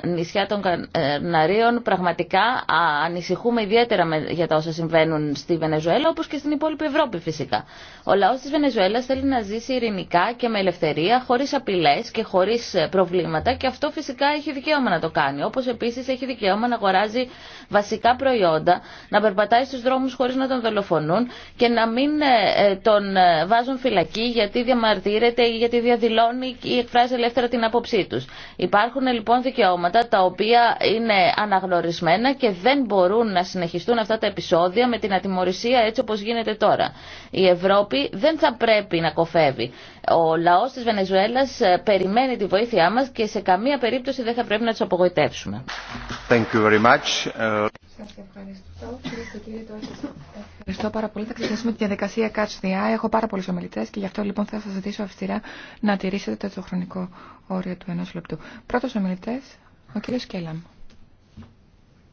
νησιά των Καναρίων πραγματικά ανησυχούμε ιδιαίτερα για τα όσα συμβαίνουν στη Βενεζουέλα όπως και στην υπόλοιπη Ευρώπη φυσικά. Ο λαός της Βενεζουέλας θέλει να ζήσει ειρηνικά και με ελευθερία χωρίς απειλές και χωρίς προβλήματα και αυτό φυσικά έχει δικαίωμα να το κάνει όπως επίσης έχει δικαίωμα να αγοράζει βασικά προϊόντα, να περπατάει στους δρόμους χωρίς να τον δολοφονούν και να μην ε, ε, τον ε, βάζουν φυλακή γιατί διαμαρτύρεται ή γιατί διαδηλώνει ή εκφράζει ελεύθερα την άποψή τους. Υπάρχουν λοιπόν δικαιώματα τα οποία είναι αναγνωρισμένα και δεν μπορούν να συνεχιστούν αυτά τα επεισόδια με την ατιμορρησία έτσι όπως γίνεται τώρα. Η Ευρώπη δεν θα πρέπει να κοφεύει. Ο λαός της Βενεζουέλας περιμένει τη βοήθειά μας και σε καμία περίπτωση δεν θα πρέπει να τους απογοητεύσουμε. Thank you very much ευχαριστώ πάρα πολύ. Θα ξεκινήσουμε τη διαδικασία Catch the Eye. Έχω πάρα πολλού ομιλητέ και γι' αυτό λοιπόν θα σα ζητήσω αυστηρά να τηρήσετε το χρονικό όριο του ενό λεπτού. Πρώτο ομιλητές, ο κύριος Κέλαμ.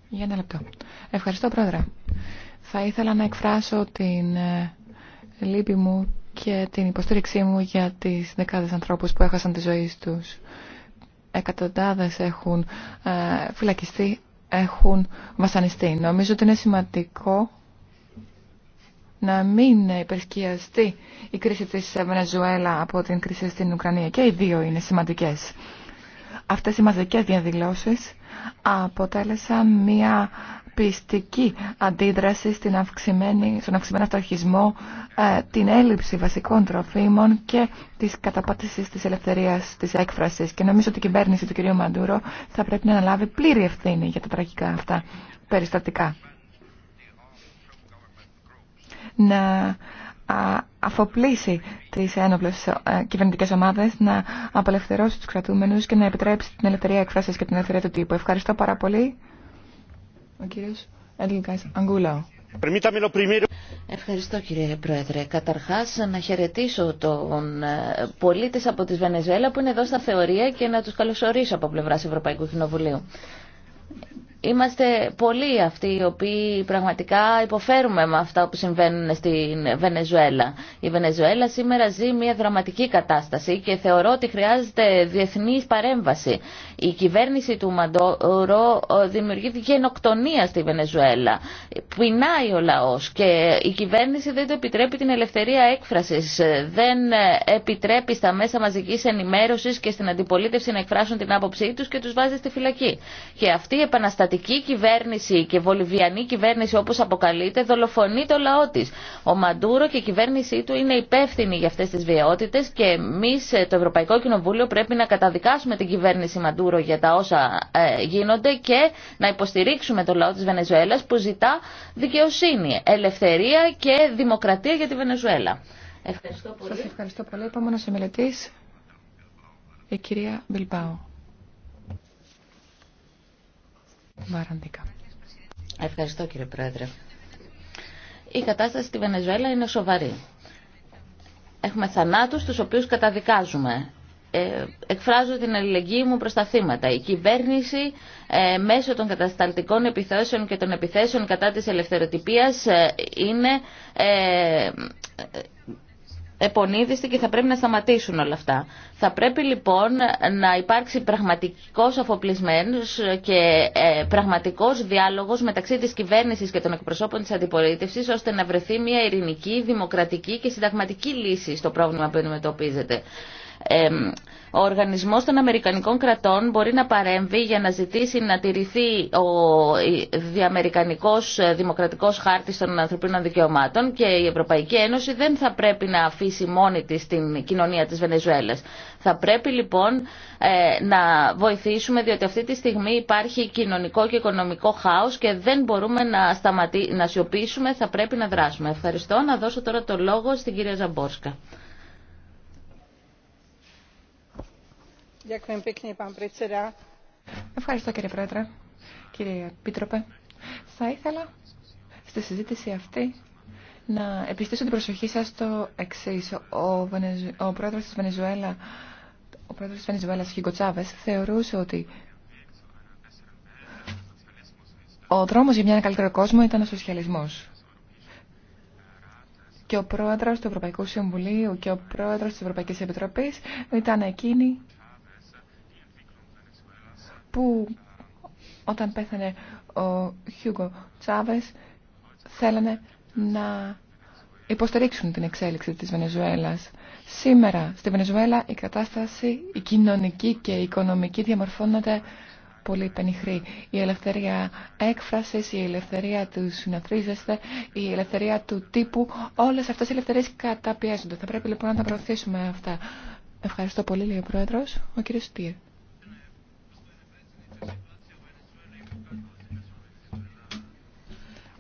Για ένα λεπτό. Ευχαριστώ πρόεδρε. Θα ήθελα να εκφράσω την ε, λύπη μου και την υποστήριξή μου για τι δεκάδε ανθρώπου που έχασαν τη ζωή του. Εκατοντάδε έχουν ε, φυλακιστεί έχουν βασανιστεί. Νομίζω ότι είναι σημαντικό να μην υπερσκιαστεί η κρίση της Βενεζουέλα από την κρίση στην Ουκρανία. Και οι δύο είναι σημαντικές. Αυτές οι μαζικές διαδηλώσεις αποτέλεσαν μια πιστική αντίδραση στην αυξημένη, στον αυξημένο ε, την έλλειψη βασικών τροφίμων και της καταπάτησης της ελευθερίας της έκφρασης. Και νομίζω ότι η κυβέρνηση του κ. Μαντούρο θα πρέπει να αναλάβει πλήρη ευθύνη για τα τραγικά αυτά περιστατικά. Να αφοπλήσει τις ένοπλες ε, κυβερνητικές ομάδες, να απελευθερώσει τους κρατούμενους και να επιτρέψει την ελευθερία εκφράσης και την ελευθερία του τύπου. Ευχαριστώ πάρα πολύ. Ο Ευχαριστώ κύριε Πρόεδρε. Καταρχάς να χαιρετήσω τον ε, πολίτη από τη Βενεζουέλα που είναι εδώ στα θεωρία και να τους καλωσορίσω από πλευράς Ευρωπαϊκού Κοινοβουλίου. Είμαστε πολλοί αυτοί οι οποίοι πραγματικά υποφέρουμε με αυτά που συμβαίνουν στην Βενεζουέλα. Η Βενεζουέλα σήμερα ζει μια δραματική κατάσταση και θεωρώ ότι χρειάζεται διεθνή παρέμβαση. Η κυβέρνηση του Μαντόρο ε, δημιουργεί γενοκτονία στη Βενεζουέλα. Πεινάει ο λαό και η κυβέρνηση δεν του επιτρέπει την ελευθερία έκφραση. Δεν ε, επιτρέπει στα μέσα μαζική ενημέρωση και στην αντιπολίτευση να εκφράσουν την άποψή του και του βάζει στη φυλακή. Και αυτή η επαναστατική δημοκρατική κυβέρνηση και βολιβιανή κυβέρνηση όπως αποκαλείται δολοφονεί το λαό της. Ο Μαντούρο και η κυβέρνησή του είναι υπεύθυνοι για αυτές τις βιαιότητες και εμεί, ε, το Ευρωπαϊκό Κοινοβούλιο πρέπει να καταδικάσουμε την κυβέρνηση Μαντούρο για τα όσα ε, γίνονται και να υποστηρίξουμε το λαό της Βενεζουέλας που ζητά δικαιοσύνη, ελευθερία και δημοκρατία για τη Βενεζουέλα. Ευχαριστώ πολύ. Σας ευχαριστώ πολύ. η κυρία Μπιλπάου. Ευχαριστώ κύριε Πρόεδρε. Η κατάσταση στη Βενεζουέλα είναι σοβαρή. Έχουμε θανάτους τους οποίους καταδικάζουμε. Ε, εκφράζω την αλληλεγγύη μου προς τα θύματα. Η κυβέρνηση ε, μέσω των κατασταλτικών επιθέσεων και των επιθέσεων κατά της ελευθεροτυπίας ε, είναι επονίδιστη και θα πρέπει να σταματήσουν όλα αυτά. Θα πρέπει λοιπόν να υπάρξει πραγματικός αφοπλισμένος και ε, πραγματικός διάλογος μεταξύ της κυβέρνησης και των εκπροσώπων της αντιπολίτευσης ώστε να βρεθεί μια ειρηνική, δημοκρατική και συνταγματική λύση στο πρόβλημα που αντιμετωπίζεται ο οργανισμός των Αμερικανικών κρατών μπορεί να παρέμβει για να ζητήσει να τηρηθεί ο διαμερικανικός ε, δημοκρατικός χάρτης των ανθρωπίνων δικαιωμάτων και η Ευρωπαϊκή Ένωση δεν θα πρέπει να αφήσει μόνη της την κοινωνία της Βενεζουέλας. Θα πρέπει λοιπόν ε, να βοηθήσουμε διότι αυτή τη στιγμή υπάρχει κοινωνικό και οικονομικό χάος και δεν μπορούμε να, σταματή, να σιωπήσουμε, θα πρέπει να δράσουμε. Ευχαριστώ. Να δώσω τώρα το λόγο στην κυρία Ζαμπόρσκα. Ευχαριστώ κύριε Πρόεδρε, κύριε Επίτροπε. Θα ήθελα στη συζήτηση αυτή να επιστήσω την προσοχή σας στο εξή. Ο, Βενεζου... ο πρόεδρος της Βενεζουέλα, ο πρόεδρος της Βενεζουέλας, Χίγκο Τσάβες, θεωρούσε ότι ο δρόμος για μια καλύτερο κόσμο ήταν ο σοσιαλισμός. Και ο πρόεδρος του Ευρωπαϊκού Συμβουλίου και ο πρόεδρος της Ευρωπαϊκής Επιτροπής ήταν εκείνοι που όταν πέθανε ο Χιούγκο Τσάβες θέλανε να υποστηρίξουν την εξέλιξη της Βενεζουέλας. Σήμερα στη Βενεζουέλα η κατάσταση, η κοινωνική και η οικονομική διαμορφώνονται πολύ πενιχρή. Η ελευθερία έκφρασης, η ελευθερία του συναθρίζεστε, η ελευθερία του τύπου, όλες αυτές οι ελευθερίες καταπιέζονται. Θα πρέπει λοιπόν να τα προωθήσουμε αυτά. Ευχαριστώ πολύ, λέει ο Πρόεδρος, ο κύριος Στήρ.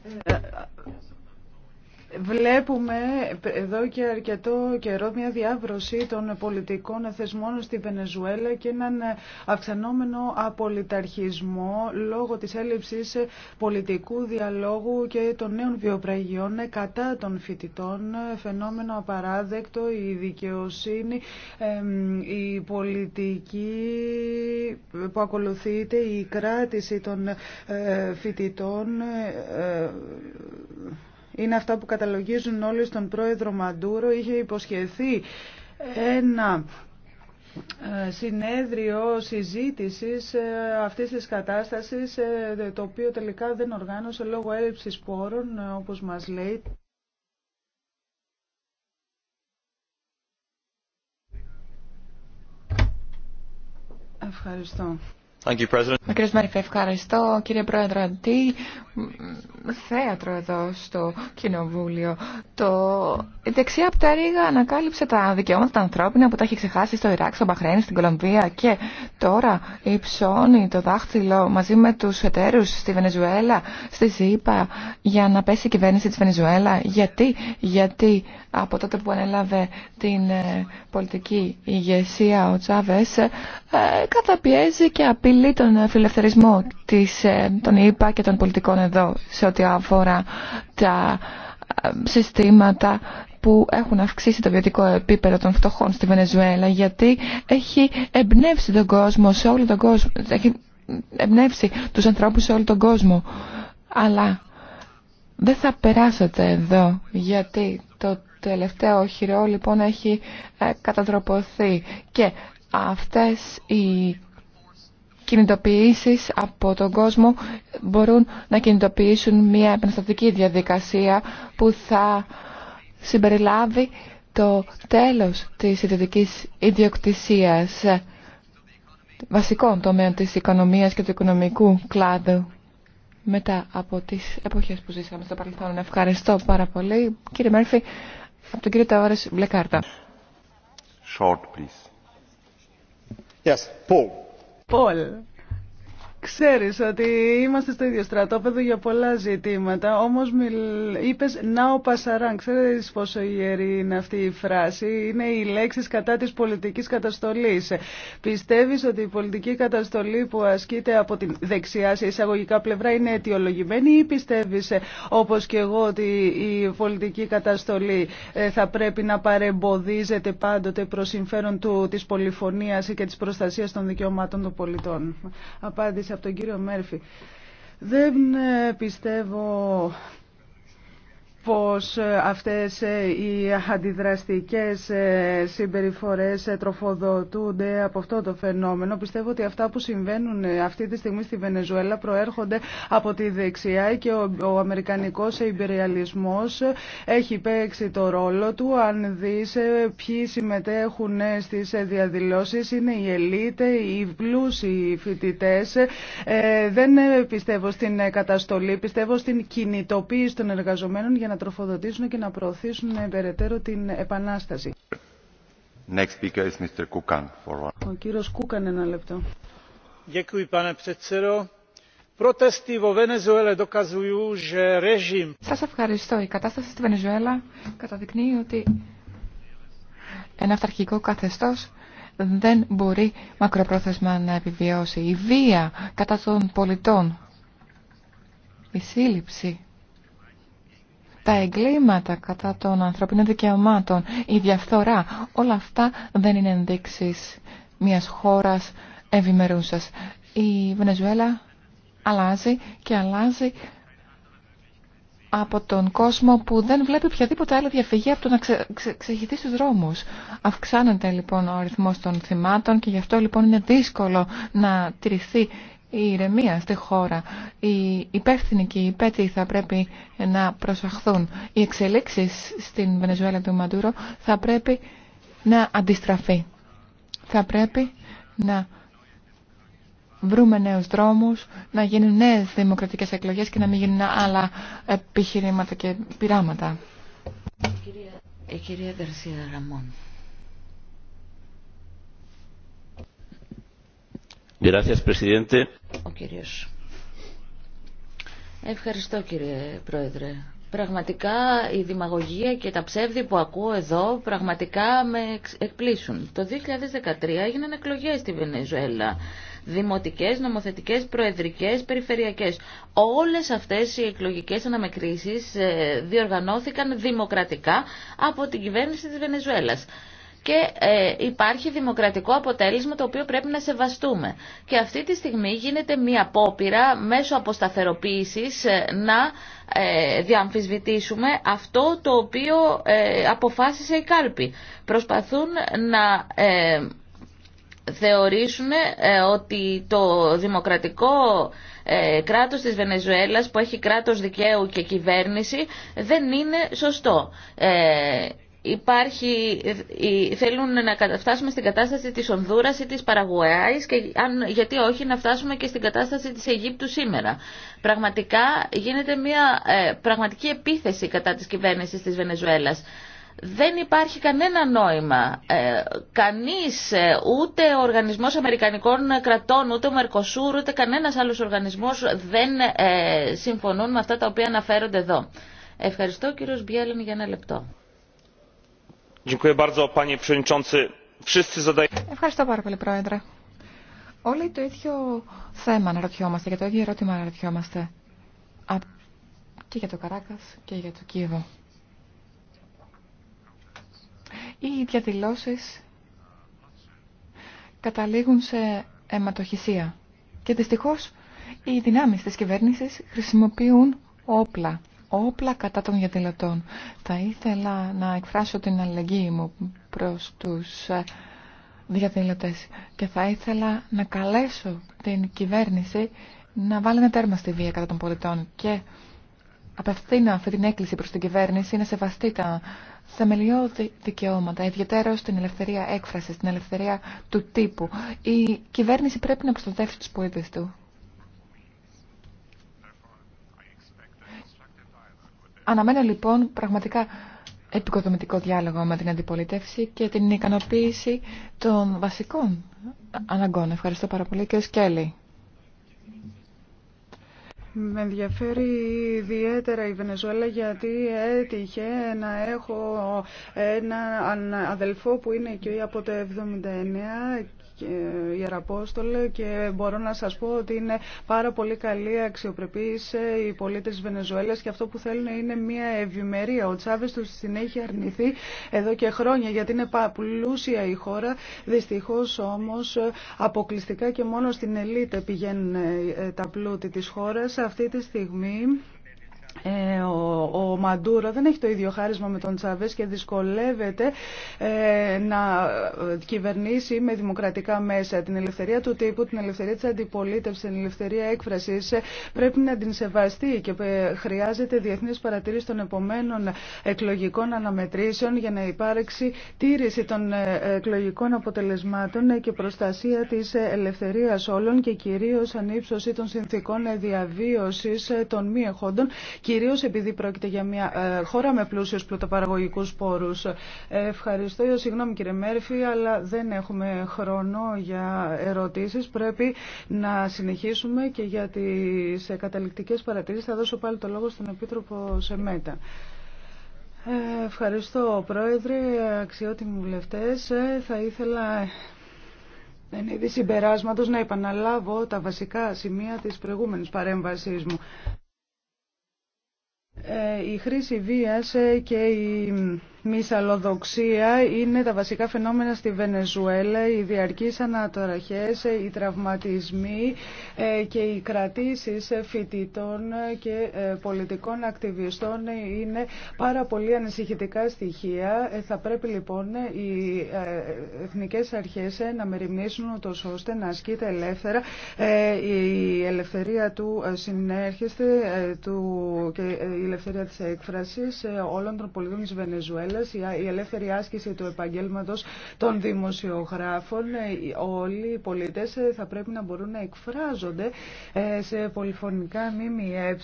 Εντάξει. Βλέπουμε εδώ και αρκετό καιρό μια διάβρωση των πολιτικών θεσμών στη Βενεζουέλα και έναν αυξανόμενο απολυταρχισμό λόγω της έλλειψης πολιτικού διαλόγου και των νέων βιοπραγιών κατά των φοιτητών, φαινόμενο απαράδεκτο, η δικαιοσύνη, η πολιτική που ακολουθείται, η κράτηση των ε, φοιτητών ε, είναι αυτά που καταλογίζουν όλοι στον πρόεδρο Μαντούρο. Είχε υποσχεθεί ένα ε, συνέδριο συζήτησης ε, αυτής της κατάστασης, ε, το οποίο τελικά δεν οργάνωσε λόγω έλλειψης πόρων, όπως μας λέει. Ευχαριστώ. Ο κύριος Μέριφε, ευχαριστώ. Κύριε Πρόεδρε, τι θέατρο εδώ στο Κοινοβούλιο. Το δεξιά από τα Ρήγα ανακάλυψε τα δικαιώματα τα ανθρώπινα που τα έχει ξεχάσει στο Ιράκ, στο Μπαχρέιν, στην Κολομβία και τώρα υψώνει το δάχτυλο μαζί με του εταίρους στη Βενεζουέλα, στη ΣΥΠΑ για να πέσει η κυβέρνηση τη Βενεζουέλα. Γιατί, γιατί από τότε που ανέλαβε την ε, πολιτική ηγεσία ο Τσάβες ε, ε, καταπιέζει και απειλεί απειλεί τον φιλελευθερισμό της, ε, των ΙΠΑ και των πολιτικών εδώ σε ό,τι αφορά τα ε, συστήματα που έχουν αυξήσει το βιωτικό επίπεδο των φτωχών στη Βενεζουέλα γιατί έχει εμπνεύσει τον κόσμο σε όλο τον κόσμο έχει εμπνεύσει τους ανθρώπους σε όλο τον κόσμο αλλά δεν θα περάσετε εδώ γιατί το τελευταίο χειρό λοιπόν έχει ε, κατατροποθεί και αυτές οι κινητοποιήσεις από τον κόσμο μπορούν να κινητοποιήσουν μια επαναστατική διαδικασία που θα συμπεριλάβει το τέλος της ιδιωτικής ιδιοκτησίας βασικών τομέων της οικονομίας και του οικονομικού κλάδου μετά από τις εποχές που ζήσαμε στο παρελθόν. Ευχαριστώ πάρα πολύ. Κύριε Μέρφυ, από τον κύριο Ταόρες, μπλε Short, please. Yes, Paul. Πολ. Ξέρεις ότι είμαστε στο ίδιο στρατόπεδο για πολλά ζητήματα, όμως μιλ... είπες ο πασαράν». Ξέρεις πόσο ιερή είναι αυτή η φράση. Είναι οι λέξεις κατά της πολιτικής καταστολής. Πιστεύεις ότι η πολιτική καταστολή που ασκείται από την δεξιά σε εισαγωγικά πλευρά είναι αιτιολογημένη ή πιστεύεις ε, όπως και εγώ ότι η πολιτική καταστολή ε, θα πρέπει να παρεμποδίζεται πάντοτε προς συμφέρον του, της πολυφωνίας και της προστασίας των δικαιωμάτων των πολιτών. Απάντησε από τον κύριο Μέρφυ. Δεν ε, πιστεύω πως ε, αυτές ε, οι αντιδραστικές ε, συμπεριφορές τροφοδοτούνται από αυτό το φαινόμενο. Πιστεύω ότι αυτά που συμβαίνουν αυτή τη στιγμή στη Βενεζουέλα προέρχονται από τη δεξιά και ο, ο αμερικανικός υπεριαλισμός έχει παίξει το ρόλο του. Αν δεις ποιοι συμμετέχουν στις διαδηλώσεις είναι οι ελίτ, οι πλούσιοι φοιτητέ. δεν πιστεύω στην καταστολή, πιστεύω στην κινητοποίηση των εργαζομένων για να τροφοδοτήσουν και να προωθήσουν περαιτέρω την επανάσταση. Next is Mr. Kukan for... Ο κύριος Κούκαν ένα λεπτό. Σας ευχαριστώ. Η κατάσταση στη Βενεζουέλα καταδεικνύει ότι ένα αυταρχικό καθεστώς δεν μπορεί μακροπρόθεσμα να επιβιώσει. Η βία κατά των πολιτών, η σύλληψη τα εγκλήματα κατά των ανθρωπίνων δικαιωμάτων, η διαφθορά, όλα αυτά δεν είναι ενδείξεις μιας χώρας ευημερούσας. Η Βενεζουέλα αλλάζει και αλλάζει από τον κόσμο που δεν βλέπει οποιαδήποτε άλλη διαφυγή από το να ξε, στους δρόμους. Αυξάνεται λοιπόν ο αριθμός των θυμάτων και γι' αυτό λοιπόν είναι δύσκολο να τηρηθεί η ηρεμία στη χώρα, οι υπεύθυνοι και οι υπέτειοι θα πρέπει να προσαχθούν. Οι εξελίξεις στην Βενεζουέλα του Μαντούρο θα πρέπει να αντιστραφεί. Θα πρέπει να βρούμε νέους δρόμους, να γίνουν νέες δημοκρατικές εκλογές και να μην γίνουν άλλα επιχειρήματα και πειράματα. Η κυρία, η κυρία Ευχαριστώ κύριε Πρόεδρε. Πραγματικά η δημαγωγία και τα ψεύδη που ακούω εδώ πραγματικά με εκπλήσουν. Το 2013 έγιναν εκλογές στη Βενεζουέλα. Δημοτικές, νομοθετικές, προεδρικές, περιφερειακές. Όλες αυτές οι εκλογικές αναμεκρίσεις ε, διοργανώθηκαν δημοκρατικά από την κυβέρνηση της Βενεζουέλας και ε, υπάρχει δημοκρατικό αποτέλεσμα το οποίο πρέπει να σεβαστούμε. Και αυτή τη στιγμή γίνεται μία απόπειρα μέσω αποσταθεροποίησης ε, να ε, διαμφισβητήσουμε αυτό το οποίο αποφάσισε η κάλπη. Προσπαθούν να θεωρήσουν ότι το δημοκρατικό κράτος της Βενεζουέλας που έχει κράτος δικαίου και κυβέρνηση δεν είναι σωστό υπάρχει, ε, ε, θέλουν να φτάσουμε στην κατάσταση της Ονδούρας ή της Παραγουέας και αν, γιατί όχι να φτάσουμε και στην κατάσταση της Αιγύπτου σήμερα. Πραγματικά γίνεται μια ε, πραγματική επίθεση κατά της κυβέρνησης της Βενεζουέλας. Δεν υπάρχει κανένα νόημα. Ε, κανείς, ούτε ο Οργανισμός Αμερικανικών Κρατών, ούτε ο Μερκοσούρ, ούτε κανένας άλλος οργανισμός δεν συμφωνούν με αυτά τα οποία αναφέρονται εδώ. Ευχαριστώ κύριο Μπιέλεν για ένα λεπτό. Ευχαριστώ πάρα πολύ, Πρόεδρε. Όλοι το ίδιο θέμα αναρωτιόμαστε και το ίδιο ερώτημα αναρωτιόμαστε. και για το Καράκας και για το Κίβο. Οι διαδηλώσει καταλήγουν σε αιματοχυσία. Και δυστυχώ, οι δυνάμεις της κυβέρνηση χρησιμοποιούν όπλα όπλα κατά των διαδηλωτών. Θα ήθελα να εκφράσω την αλληλεγγύη μου προς τους ε, διαδηλωτές και θα ήθελα να καλέσω την κυβέρνηση να βάλει ένα τέρμα στη βία κατά των πολιτών και απευθύνω αυτή την έκκληση προς την κυβέρνηση να σεβαστεί τα θεμελιώδη δικαιώματα, ιδιαίτερα στην ελευθερία έκφρασης, την ελευθερία του τύπου. Η κυβέρνηση πρέπει να προστατεύσει τους πολίτες του Αναμένω λοιπόν πραγματικά επικοδομητικό διάλογο με την αντιπολίτευση και την ικανοποίηση των βασικών αναγκών. Ευχαριστώ πάρα πολύ και ο Σκέλη. Με ενδιαφέρει ιδιαίτερα η Βενεζουέλα γιατί έτυχε να έχω ένα αδελφό που είναι εκεί από το 79 Ιεραπόστολε και μπορώ να σας πω ότι είναι πάρα πολύ καλή αξιοπρεπής οι ε, πολίτες της Βενεζουέλας και αυτό που θέλουν είναι μια ευημερία. Ο Τσάβες τους την έχει αρνηθεί εδώ και χρόνια γιατί είναι πλούσια η χώρα. Δυστυχώς όμως ε, αποκλειστικά και μόνο στην ελίτ πηγαίνουν ε, τα πλούτη της χώρας. Αυτή τη στιγμή ε, ο, ο Μαντούρο δεν έχει το ίδιο χάρισμα με τον Τσαβές και δυσκολεύεται ε, να κυβερνήσει με δημοκρατικά μέσα. Την ελευθερία του τύπου, την ελευθερία της αντιπολίτευσης, την ελευθερία έκφρασης ε, πρέπει να την σεβαστεί και ε, χρειάζεται διεθνής παρατήρηση των επομένων εκλογικών αναμετρήσεων για να υπάρξει τήρηση των εκλογικών αποτελεσμάτων και προστασία της ελευθερίας όλων και κυρίως ανύψωση των συνθήκων διαβίωσης των μη εχόντων Κυρίω επειδή πρόκειται για μια ε, χώρα με πλούσιους πλουτοπαραγωγικούς πόρους. Ε, ευχαριστώ, ε, συγγνώμη κύριε Μέρφυ, αλλά δεν έχουμε χρόνο για ερωτήσεις. Πρέπει να συνεχίσουμε και για τι καταληκτικέ παρατηρήσει, θα δώσω πάλι το λόγο στον Επίτροπο Σεμέτα. Ευχαριστώ, Πρόεδρε, αξιότιμοι βουλευτές. Θα ήθελα εν είδη συμπεράσματος να επαναλάβω τα βασικά σημεία της προηγούμενης παρέμβασής μου. Ε, η χρήση βίας ε, και η μυσαλλοδοξία είναι τα βασικά φαινόμενα στη Βενεζουέλα, οι διαρκείς αναταραχές, οι τραυματισμοί ε, και οι κρατήσεις φοιτητών και ε, πολιτικών ακτιβιστών είναι πάρα πολύ ανησυχητικά στοιχεία. Ε, θα πρέπει λοιπόν οι εθνικές αρχές να μεριμνήσουν ώστε να ασκείται ελεύθερα η ελευθερία του συνέρχεστε και η ελευθερία της έκφρασης όλων των πολιτών της Βενεζουέλα η ελεύθερη άσκηση του επαγγέλματος των δημοσιογράφων. Ε, όλοι οι πολίτες ε, θα πρέπει να μπορούν να εκφράζονται ε, σε πολυφωνικά ΜΜΕ.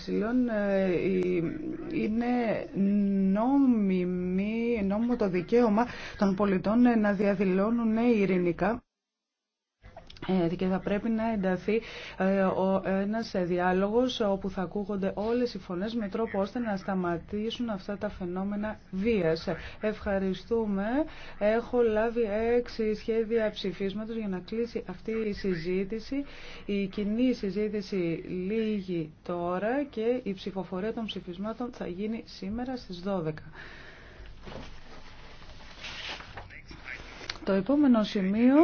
Είναι νόμιμη, νόμιμο το δικαίωμα των πολιτών να διαδηλώνουν ειρηνικά. Ε, και θα πρέπει να ενταθεί ε, ένας διάλογος όπου θα ακούγονται όλες οι φωνές με τρόπο ώστε να σταματήσουν αυτά τα φαινόμενα βίας. Ευχαριστούμε. Έχω λάβει έξι σχέδια ψηφίσματος για να κλείσει αυτή η συζήτηση. Η κοινή συζήτηση λίγη τώρα και η ψηφοφορία των ψηφισμάτων θα γίνει σήμερα στις 12. Το επόμενο σημείο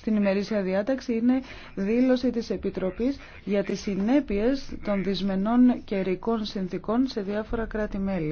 στην ημερήσια διάταξη είναι δήλωση της Επιτροπής για τις συνέπειες των δυσμενών καιρικών συνθήκων σε διάφορα κράτη-μέλη.